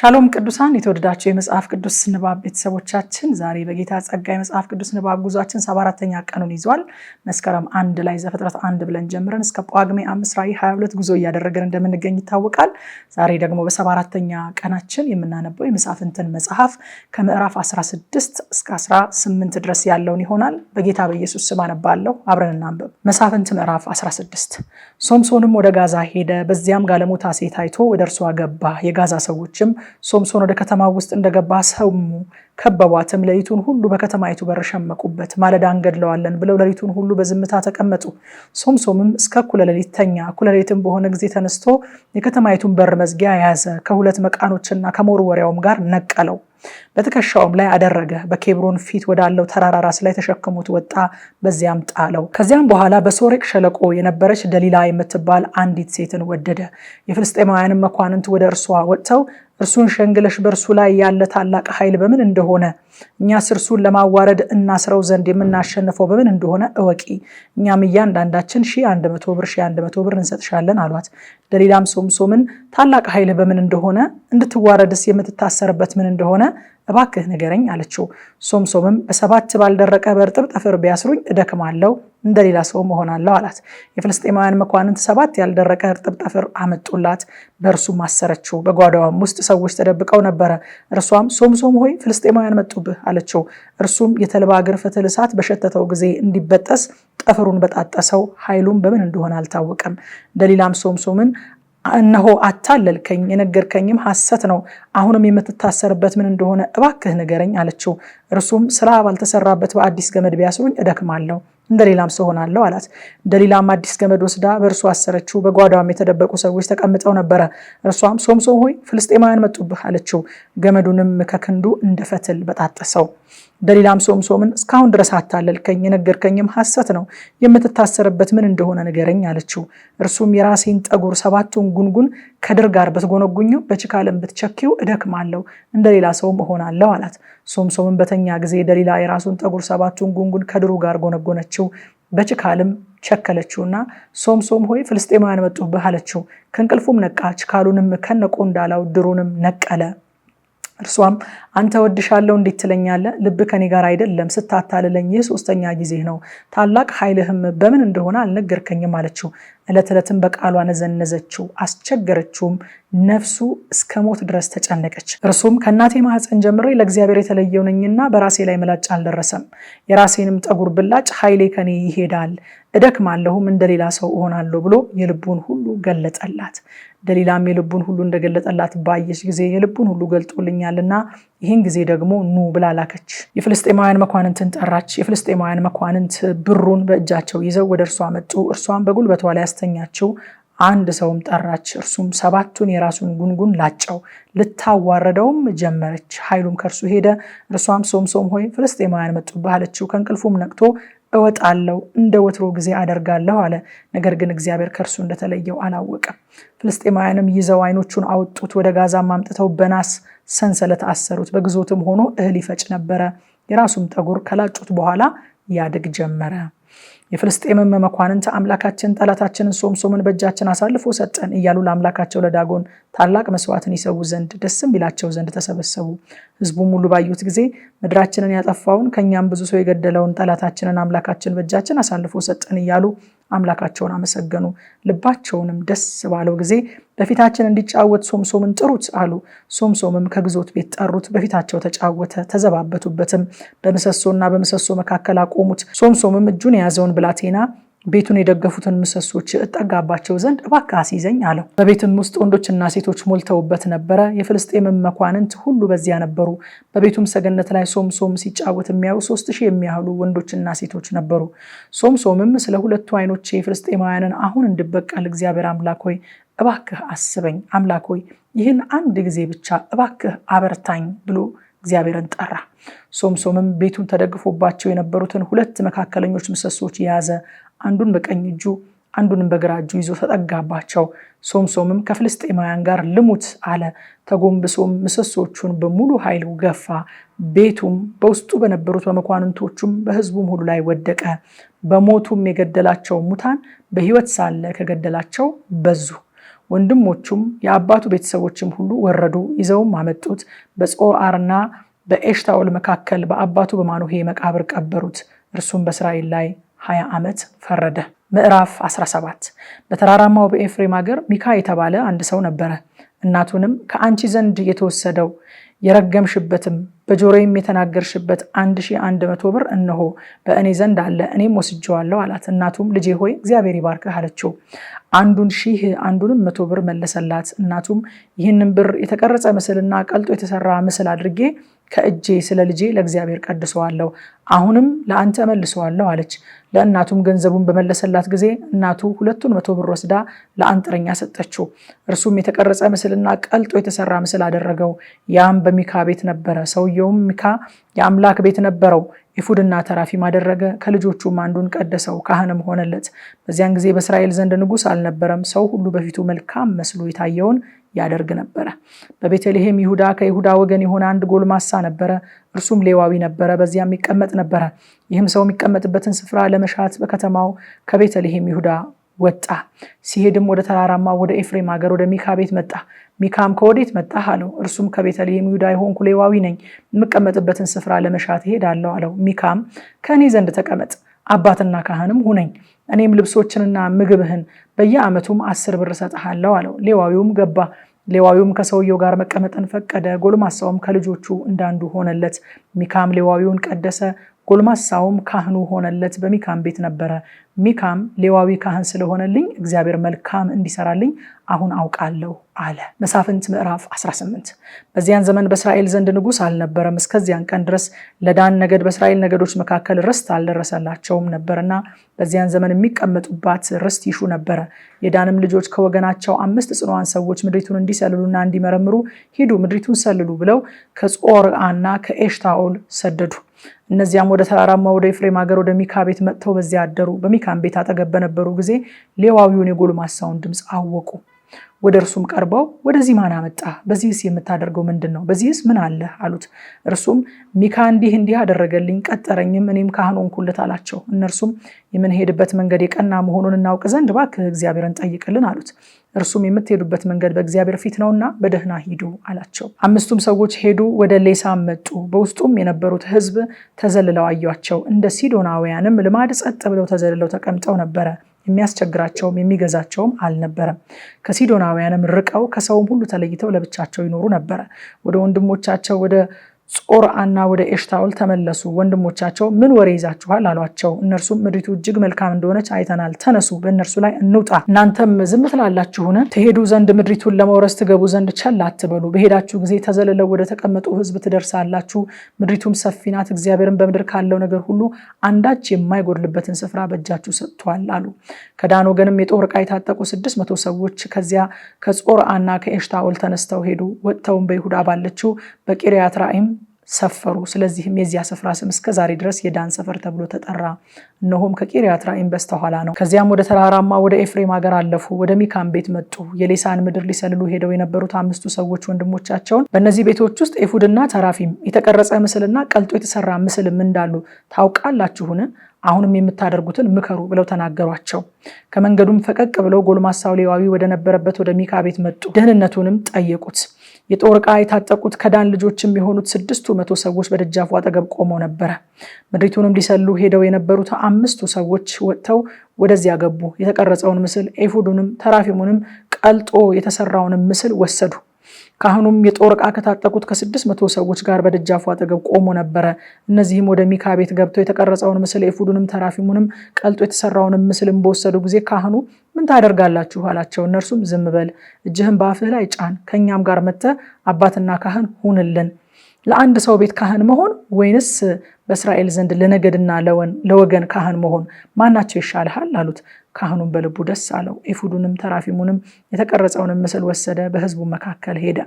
ሻሎም ቅዱሳን የተወደዳቸው የመጽሐፍ ቅዱስ ንባብ ቤተሰቦቻችን ዛሬ በጌታ ጸጋ የመጽሐፍ ቅዱስ ንባብ ጉዟችን ሰባ አራተኛ ቀኑን ይዟል። መስከረም አንድ ላይ ዘፍጥረት አንድ ብለን ጀምረን እስከ ጳጉሜ አምስት ራዕይ ሀያ ሁለት ጉዞ እያደረገን እንደምንገኝ ይታወቃል። ዛሬ ደግሞ በሰባ አራተኛ ቀናችን የምናነበው የመሳፍንትን መጽሐፍ ከምዕራፍ 16 እስከ 18 ድረስ ያለውን ይሆናል። በጌታ በኢየሱስ ስም አነባለሁ። አብረን እናንብብ። መሳፍንት ምዕራፍ 16 ሶምሶንም ወደ ጋዛ ሄደ። በዚያም ጋለሞታ ሴት አይቶ ወደ እርሷ ገባ። የጋዛ ሰዎችም ሶምሶን ወደ ከተማ ውስጥ እንደገባ ሰሙ፣ ከበቧትም። ሌሊቱን ሁሉ በከተማይቱ በር ሸመቁበት፣ ማለዳ እንገድለዋለን ብለው ሌሊቱን ሁሉ በዝምታ ተቀመጡ። ሶምሶምም እስከ እኩለ ሌሊት ተኛ። እኩለ ሌሊትም በሆነ ጊዜ ተነስቶ የከተማይቱን በር መዝጊያ ያዘ፣ ከሁለት መቃኖችና ከመወርወሪያውም ጋር ነቀለው፣ በትከሻውም ላይ አደረገ። በኬብሮን ፊት ወዳለው ተራራ ራስ ላይ ተሸክሞት ወጣ፣ በዚያም ጣለው። ከዚያም በኋላ በሶሬቅ ሸለቆ የነበረች ደሊላ የምትባል አንዲት ሴትን ወደደ። የፍልስጤማውያንም መኳንንት ወደ እርሷ ወጥተው እርሱን ሸንግለሽ በእርሱ ላይ ያለ ታላቅ ኃይል በምን እንደሆነ እኛስ እርሱን ለማዋረድ እናስረው ዘንድ የምናሸንፈው በምን እንደሆነ እወቂ። እኛም እያንዳንዳችን ሺ አንድ መቶ ብር ሺ አንድ መቶ ብር እንሰጥሻለን አሏት። ደሊላም ሶምሶምን ታላቅ ኃይል በምን እንደሆነ እንድትዋረድስ የምትታሰርበት ምን እንደሆነ እባክህ ንገረኝ አለችው። ሶምሶምም በሰባት ባልደረቀ በእርጥብ ጠፍር ቢያስሩኝ እደክማለሁ፣ እንደሌላ ሰው መሆናለሁ አላት። የፍልስጤማውያን መኳንንት ሰባት ያልደረቀ እርጥብ ጠፍር አመጡላት፣ በእርሱም አሰረችው። በጓዳዋም ውስጥ ሰዎች ተደብቀው ነበረ። እርሷም ሶምሶም ሆይ ፍልስጤማውያን መጡብህ አለችው። እርሱም የተልባ እግር ፍትል እሳት በሸተተው ጊዜ እንዲበጠስ ጠፍሩን በጣጠሰው፣ ኃይሉም በምን እንደሆነ አልታወቀም። ደሊላም ሶምሶምን እነሆ አታለልከኝ፣ የነገርከኝም ሐሰት ነው። አሁንም የምትታሰርበት ምን እንደሆነ እባክህ ንገረኝ አለችው። እርሱም ስራ ባልተሰራበት በአዲስ ገመድ ቢያስሩኝ እደክማለሁ፣ እንደሌላም ሌላም ሰው ሆናለሁ አላት። እንደ አዲስ ገመድ ወስዳ በእርሱ አሰረችው። በጓዳም የተደበቁ ሰዎች ተቀምጠው ነበረ። እርሷም ሶምሶን ሆይ ፍልስጤማውያን መጡብህ አለችው። ገመዱንም ከክንዱ እንደ ፈትል በጣጠሰው። ደሊላም ሶምሶንን እስካሁን ድረስ አታለልከኝ፣ የነገርከኝም ሐሰት ነው። የምትታሰርበት ምን እንደሆነ ንገረኝ አለችው። እርሱም የራሴን ጠጉር ሰባቱን ጉንጉን ከድር ጋር ብትጎነጉኝው በችካልም ብትቸኪው እደክማለሁ፣ እንደሌላ ሌላ ሰውም እሆናለሁ አላት። ሶምሶንን በተኛ ጊዜ ደሊላ የራሱን ጠጉር ሰባቱን ጉንጉን ከድሩ ጋር ጎነጎነችው፣ በችካልም ቸከለችውና ሶምሶም ሆይ ፍልስጤማውያን መጡብህ አለችው። ከእንቅልፉም ነቃ፣ ችካሉንም ከነቆ እንዳላው ድሩንም ነቀለ። እርሷም አንተ ወድሻለሁ እንዴት ትለኛለህ? ልብ ከኔ ጋር አይደለም፣ ስታታልለኝ ይህ ሶስተኛ ጊዜ ነው። ታላቅ ኃይልህም በምን እንደሆነ አልነገርከኝም አለችው። ዕለት ዕለትም በቃሏ ነዘነዘችው፣ አስቸገረችውም። ነፍሱ እስከ ሞት ድረስ ተጨነቀች። እርሱም ከእናቴ ማህፀን ጀምሬ ለእግዚአብሔር የተለየው ነኝና በራሴ ላይ ምላጭ አልደረሰም። የራሴንም ጠጉር ብላጭ ኃይሌ ከኔ ይሄዳል፣ እደክማለሁም እንደሌላ ሰው እሆናለሁ ብሎ የልቡን ሁሉ ገለጠላት። ደሊላም የልቡን ሁሉ እንደገለጠላት ባየች ጊዜ የልቡን ሁሉ ገልጦልኛልና ይህን ጊዜ ደግሞ ኑ ብላ ላከች። የፍልስጤማውያን መኳንንትን ጠራች። የፍልስጤማውያን መኳንንት ብሩን በእጃቸው ይዘው ወደ እርሷ መጡ። እርሷን በጉልበቷ ላይ ያስተኛችው አንድ ሰውም ጠራች። እርሱም ሰባቱን የራሱን ጉንጉን ላጨው፣ ልታዋረደውም ጀመረች። ኃይሉም ከእርሱ ሄደ። እርሷም ሶምሶም ሆይ ፍልስጤማውያን መጡብህ አለችው። ከእንቅልፉም ነቅቶ እወጣለሁ እንደ ወትሮ ጊዜ አደርጋለሁ አለ። ነገር ግን እግዚአብሔር ከእርሱ እንደተለየው አላወቀም። ፍልስጤማውያንም ይዘው አይኖቹን አወጡት፣ ወደ ጋዛም አምጥተው በናስ ሰንሰለት አሰሩት። በግዞትም ሆኖ እህል ይፈጭ ነበረ። የራሱም ጠጉር ከላጩት በኋላ ያድግ ጀመረ። የፍልስጤምን መኳንንት አምላካችን ጠላታችንን ሶምሶምን በእጃችን አሳልፎ ሰጠን እያሉ ለአምላካቸው ለዳጎን ታላቅ መስዋዕትን ይሰዉ ዘንድ ደስም ይላቸው ዘንድ ተሰበሰቡ። ሕዝቡም ሁሉ ባዩት ጊዜ ምድራችንን ያጠፋውን ከእኛም ብዙ ሰው የገደለውን ጠላታችንን አምላካችን በእጃችን አሳልፎ ሰጠን እያሉ አምላካቸውን አመሰገኑ። ልባቸውንም ደስ ባለው ጊዜ በፊታችን እንዲጫወት ሶምሶምን ጥሩት አሉ። ሶምሶምም ከግዞት ቤት ጠሩት፣ በፊታቸው ተጫወተ፣ ተዘባበቱበትም፣ በምሰሶና በምሰሶ መካከል አቆሙት። ሶምሶምም እጁን የያዘውን ብላቴና ቤቱን የደገፉትን ምሰሶች እጠጋባቸው ዘንድ እባክህ አስይዘኝ አለው። በቤትም ውስጥ ወንዶችና ሴቶች ሞልተውበት ነበረ። የፍልስጤምም መኳንንት ሁሉ በዚያ ነበሩ። በቤቱም ሰገነት ላይ ሶምሶም ሲጫወት የሚያዩ ሶስት ሺህ የሚያህሉ ወንዶችና ሴቶች ነበሩ። ሶምሶምም ስለ ሁለቱ አይኖች የፍልስጤማውያንን አሁን እንድበቀል እግዚአብሔር አምላክ ሆይ እባክህ አስበኝ፣ አምላክ ሆይ ይህን አንድ ጊዜ ብቻ እባክህ አበርታኝ ብሎ እግዚአብሔርን ጠራ። ሶምሶምም ቤቱን ተደግፎባቸው የነበሩትን ሁለት መካከለኞች ምሰሶች የያዘ አንዱን በቀኝ እጁ አንዱንም በግራ እጁ ይዞ ተጠጋባቸው። ሶምሶምም ከፍልስጤማውያን ጋር ልሙት አለ። ተጎንብሶም ምሰሶቹን በሙሉ ኃይል ገፋ። ቤቱም በውስጡ በነበሩት በመኳንንቶቹም በሕዝቡም ሁሉ ላይ ወደቀ። በሞቱም የገደላቸው ሙታን በሕይወት ሳለ ከገደላቸው በዙ። ወንድሞቹም የአባቱ ቤተሰቦችም ሁሉ ወረዱ፣ ይዘውም አመጡት። በጾርዓርና በኤሽታኦል መካከል በአባቱ በማኖሄ መቃብር ቀበሩት። እርሱም በእስራኤል ላይ 20 ዓመት ፈረደ። ምዕራፍ 17 በተራራማው በኤፍሬም ሀገር ሚካ የተባለ አንድ ሰው ነበረ። እናቱንም ከአንቺ ዘንድ የተወሰደው የረገምሽበትም በጆሮዬም የተናገርሽበት አንድ ሺህ አንድ መቶ ብር እነሆ በእኔ ዘንድ አለ፣ እኔም ወስጄዋለሁ አላት። እናቱም ልጄ ሆይ እግዚአብሔር ይባርክህ አለችው። አንዱን ሺህ አንዱንም መቶ ብር መለሰላት። እናቱም ይህንን ብር የተቀረጸ ምስልና ቀልጦ የተሰራ ምስል አድርጌ ከእጄ ስለ ልጄ ለእግዚአብሔር ቀድሰዋለሁ፣ አሁንም ለአንተ መልሰዋለሁ አለች። ለእናቱም ገንዘቡን በመለሰላት ጊዜ እናቱ ሁለቱን መቶ ብር ወስዳ ለአንጥረኛ ሰጠችው። እርሱም የተቀረጸ ምስልና ቀልጦ የተሰራ ምስል አደረገው። ያም በሚካ ቤት ነበረ። ሰውየውም ሚካ የአምላክ ቤት ነበረው። ኤፉድና ተራፊም አደረገ፣ ከልጆቹም አንዱን ቀደሰው፣ ካህንም ሆነለት። በዚያን ጊዜ በእስራኤል ዘንድ ንጉሥ አልነበረም። ሰው ሁሉ በፊቱ መልካም መስሎ የታየውን ያደርግ ነበረ። በቤተልሔም ይሁዳ ከይሁዳ ወገን የሆነ አንድ ጎልማሳ ነበረ፣ እርሱም ሌዋዊ ነበረ፣ በዚያም ይቀመጥ ነበረ። ይህም ሰው የሚቀመጥበትን ስፍራ ለመሻት በከተማው ከቤተልሔም ይሁዳ ወጣ። ሲሄድም ወደ ተራራማ ወደ ኤፍሬም ሀገር ወደ ሚካ ቤት መጣ። ሚካም ከወዴት መጣህ አለው። እርሱም ከቤተልሔም ይሁዳ የሆንኩ ሌዋዊ ነኝ፣ የምቀመጥበትን ስፍራ ለመሻት እሄዳለሁ አለው። ሚካም ከእኔ ዘንድ ተቀመጥ፣ አባትና ካህንም ሁነኝ፣ እኔም ልብሶችንና ምግብህን በየዓመቱም አስር ብር እሰጥሃለሁ አለው። ሌዋዊውም ገባ። ሌዋዊውም ከሰውየው ጋር መቀመጥን ፈቀደ። ጎልማሳውም ከልጆቹ እንዳንዱ ሆነለት። ሚካም ሌዋዊውን ቀደሰ፣ ጎልማሳውም ካህኑ ሆነለት፣ በሚካም ቤት ነበረ። ሚካም ሌዋዊ ካህን ስለሆነልኝ እግዚአብሔር መልካም እንዲሰራልኝ አሁን አውቃለሁ አለ። መሳፍንት ምዕራፍ 18 በዚያን ዘመን በእስራኤል ዘንድ ንጉሥ አልነበረም። እስከዚያን ቀን ድረስ ለዳን ነገድ በእስራኤል ነገዶች መካከል ርስት አልደረሰላቸውም ነበርና በዚያን ዘመን የሚቀመጡባት ርስት ይሹ ነበረ። የዳንም ልጆች ከወገናቸው አምስት ጽኑዓን ሰዎች ምድሪቱን እንዲሰልሉና እንዲመረምሩ ሂዱ፣ ምድሪቱን ሰልሉ ብለው ከጾርአና ከኤሽታኦል ሰደዱ። እነዚያም ወደ ተራራማ ወደ ኤፍሬም ሀገር ወደ ሚካ ቤት መጥተው በዚያ አደሩ። በሚካም ቤት አጠገብ በነበሩ ጊዜ ሌዋዊውን የጎልማሳውን ድምፅ አወቁ። ወደ እርሱም ቀርበው ወደዚህ ማን አመጣ? በዚህስ የምታደርገው ምንድን ነው? በዚህስ ምን አለ አሉት። እርሱም ሚካ እንዲህ እንዲህ አደረገልኝ፣ ቀጠረኝም፣ እኔም ካህን ሆንኩለት አላቸው። እነርሱም የምንሄድበት መንገድ የቀና መሆኑን እናውቅ ዘንድ እባክህ እግዚአብሔርን ጠይቅልን አሉት። እርሱም የምትሄዱበት መንገድ በእግዚአብሔር ፊት ነውና በደህና ሂዱ አላቸው። አምስቱም ሰዎች ሄዱ፣ ወደ ሌሳም መጡ። በውስጡም የነበሩት ሕዝብ ተዘልለው አዩአቸው። እንደ ሲዶናውያንም ልማድ ጸጥ ብለው ተዘልለው ተቀምጠው ነበረ። የሚያስቸግራቸውም የሚገዛቸውም አልነበረም። ከሲዶናውያንም ርቀው ከሰውም ሁሉ ተለይተው ለብቻቸው ይኖሩ ነበረ። ወደ ወንድሞቻቸው ወደ አና ወደ ኤሽታውል ተመለሱ። ወንድሞቻቸው ምን ወሬ ይዛችኋል አሏቸው። እነርሱም ምድሪቱ እጅግ መልካም እንደሆነች አይተናል፣ ተነሱ፣ በእነርሱ ላይ እንውጣ። እናንተም ዝም ትላላችሁን? ትሄዱ ዘንድ ምድሪቱን ለመውረስ ትገቡ ዘንድ ቸል አትበሉ። በሄዳችሁ ጊዜ ተዘልለው ወደ ተቀመጡ ሕዝብ ትደርሳላችሁ። ምድሪቱም ሰፊ ናት፣ እግዚአብሔርን በምድር ካለው ነገር ሁሉ አንዳች የማይጎድልበትን ስፍራ በእጃችሁ ሰጥቷል አሉ። ከዳን ወገንም የጦር ዕቃ የታጠቁ ስድስት መቶ ሰዎች ከዚያ አና ከኤሽታውል ተነስተው ሄዱ። ወጥተውም በይሁዳ ባለችው በቂርያት ሰፈሩ። ስለዚህም የዚያ ስፍራ ስም እስከ ዛሬ ድረስ የዳን ሰፈር ተብሎ ተጠራ። እነሆም ከቂርያት ራኢም በስተኋላ ነው። ከዚያም ወደ ተራራማ ወደ ኤፍሬም ሀገር አለፉ፣ ወደ ሚካም ቤት መጡ። የሌሳን ምድር ሊሰልሉ ሄደው የነበሩት አምስቱ ሰዎች ወንድሞቻቸውን በእነዚህ ቤቶች ውስጥ ኤፉድና ተራፊም የተቀረጸ ምስልና ቀልጦ የተሰራ ምስልም እንዳሉ ታውቃላችሁን? አሁንም የምታደርጉትን ምከሩ ብለው ተናገሯቸው። ከመንገዱም ፈቀቅ ብለው ጎልማሳው ሌዋዊ ወደ ነበረበት ወደ ሚካ ቤት መጡ። ደህንነቱንም ጠየቁት። የጦር ዕቃ የታጠቁት ከዳን ልጆችም የሆኑት ስድስቱ መቶ ሰዎች በደጃፉ አጠገብ ቆመው ነበረ። ምድሪቱንም ሊሰሉ ሄደው የነበሩት አምስቱ ሰዎች ወጥተው ወደዚያ ገቡ። የተቀረጸውን ምስል ኤፉዱንም ተራፊሙንም ቀልጦ የተሰራውንም ምስል ወሰዱ። ካህኑም የጦር ዕቃ ከታጠቁት ከስድስት መቶ ሰዎች ጋር በደጃፉ አጠገብ ቆሞ ነበረ። እነዚህም ወደ ሚካ ቤት ገብተው የተቀረጸውን ምስል ኤፉዱንም ተራፊሙንም ቀልጦ የተሰራውንም ምስልም በወሰዱ ጊዜ ካህኑ ምን ታደርጋላችሁ አላቸው። እነርሱም ዝም በል፣ እጅህን በአፍህ ላይ ጫን፣ ከእኛም ጋር መጥተ አባትና ካህን ሁንልን ለአንድ ሰው ቤት ካህን መሆን ወይንስ በእስራኤል ዘንድ ለነገድና ለወገን ካህን መሆን ማናቸው ይሻልሃል? አሉት። ካህኑም በልቡ ደስ አለው። ኤፉዱንም ተራፊሙንም የተቀረጸውንም ምስል ወሰደ፣ በህዝቡ መካከል ሄደ።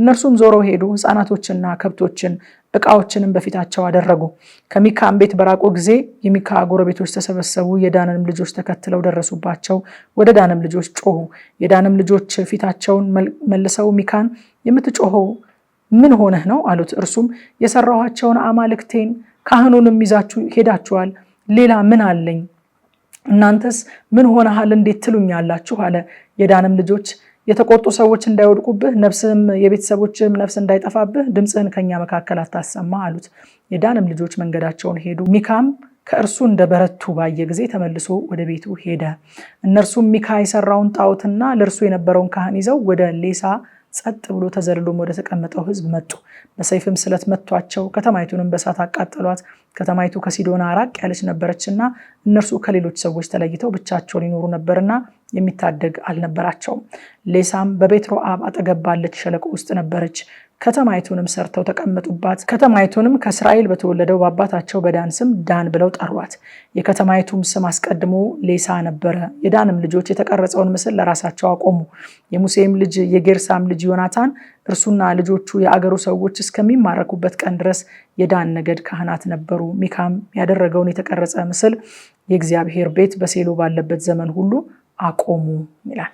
እነርሱም ዞሮ ሄዱ፣ ህፃናቶችና ከብቶችን እቃዎችንም በፊታቸው አደረጉ። ከሚካም ቤት በራቁ ጊዜ የሚካ ጎረቤቶች ተሰበሰቡ፣ የዳንም ልጆች ተከትለው ደረሱባቸው፣ ወደ ዳንም ልጆች ጮሁ። የዳንም ልጆች ፊታቸውን መልሰው ሚካን የምትጮኸው ምን ሆነህ ነው አሉት። እርሱም የሰራኋቸውን አማልክቴን ካህኑንም ይዛችሁ ሄዳችኋል፣ ሌላ ምን አለኝ እናንተስ ምን ሆነሃል እንዴት ትሉኛላችሁ? አለ። የዳንም ልጆች የተቆጡ ሰዎች እንዳይወድቁብህ ነፍስህም የቤተሰቦችህም ነፍስ እንዳይጠፋብህ ድምፅህን ከኛ መካከል አታሰማ አሉት። የዳንም ልጆች መንገዳቸውን ሄዱ። ሚካም ከእርሱ እንደ በረቱ ባየ ጊዜ ተመልሶ ወደ ቤቱ ሄደ። እነርሱም ሚካ የሰራውን ጣዖትና ለእርሱ የነበረውን ካህን ይዘው ወደ ሌሳ ጸጥ ብሎ ተዘልሎም ወደ ተቀመጠው ህዝብ መጡ። በሰይፍም ስለት መቷቸው፣ ከተማይቱንም በሳት አቃጠሏት። ከተማይቱ ከሲዶና ራቅ ያለች ነበረችና እነርሱ ከሌሎች ሰዎች ተለይተው ብቻቸውን ይኖሩ ነበርና የሚታደግ አልነበራቸውም። ሌሳም በቤትሮአብ አጠገብ ባለች ሸለቆ ውስጥ ነበረች። ከተማይቱንም ሰርተው ተቀመጡባት። ከተማይቱንም ከእስራኤል በተወለደው በአባታቸው በዳን ስም ዳን ብለው ጠሯት። የከተማይቱም ስም አስቀድሞ ሌሳ ነበረ። የዳንም ልጆች የተቀረጸውን ምስል ለራሳቸው አቆሙ። የሙሴም ልጅ የጌርሳም ልጅ ዮናታን እርሱና ልጆቹ የአገሩ ሰዎች እስከሚማረኩበት ቀን ድረስ የዳን ነገድ ካህናት ነበሩ። ሚካም ያደረገውን የተቀረጸ ምስል የእግዚአብሔር ቤት በሴሎ ባለበት ዘመን ሁሉ አቆሙ ይላል።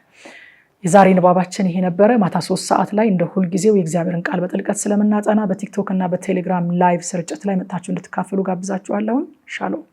የዛሬ ንባባችን ይሄ ነበረ። ማታ ሶስት ሰዓት ላይ እንደ ሁልጊዜው የእግዚአብሔርን ቃል በጥልቀት ስለምናጠና በቲክቶክ እና በቴሌግራም ላይቭ ስርጭት ላይ መጥታችሁ እንድትካፈሉ ጋብዛችኋለሁን። ሻሎም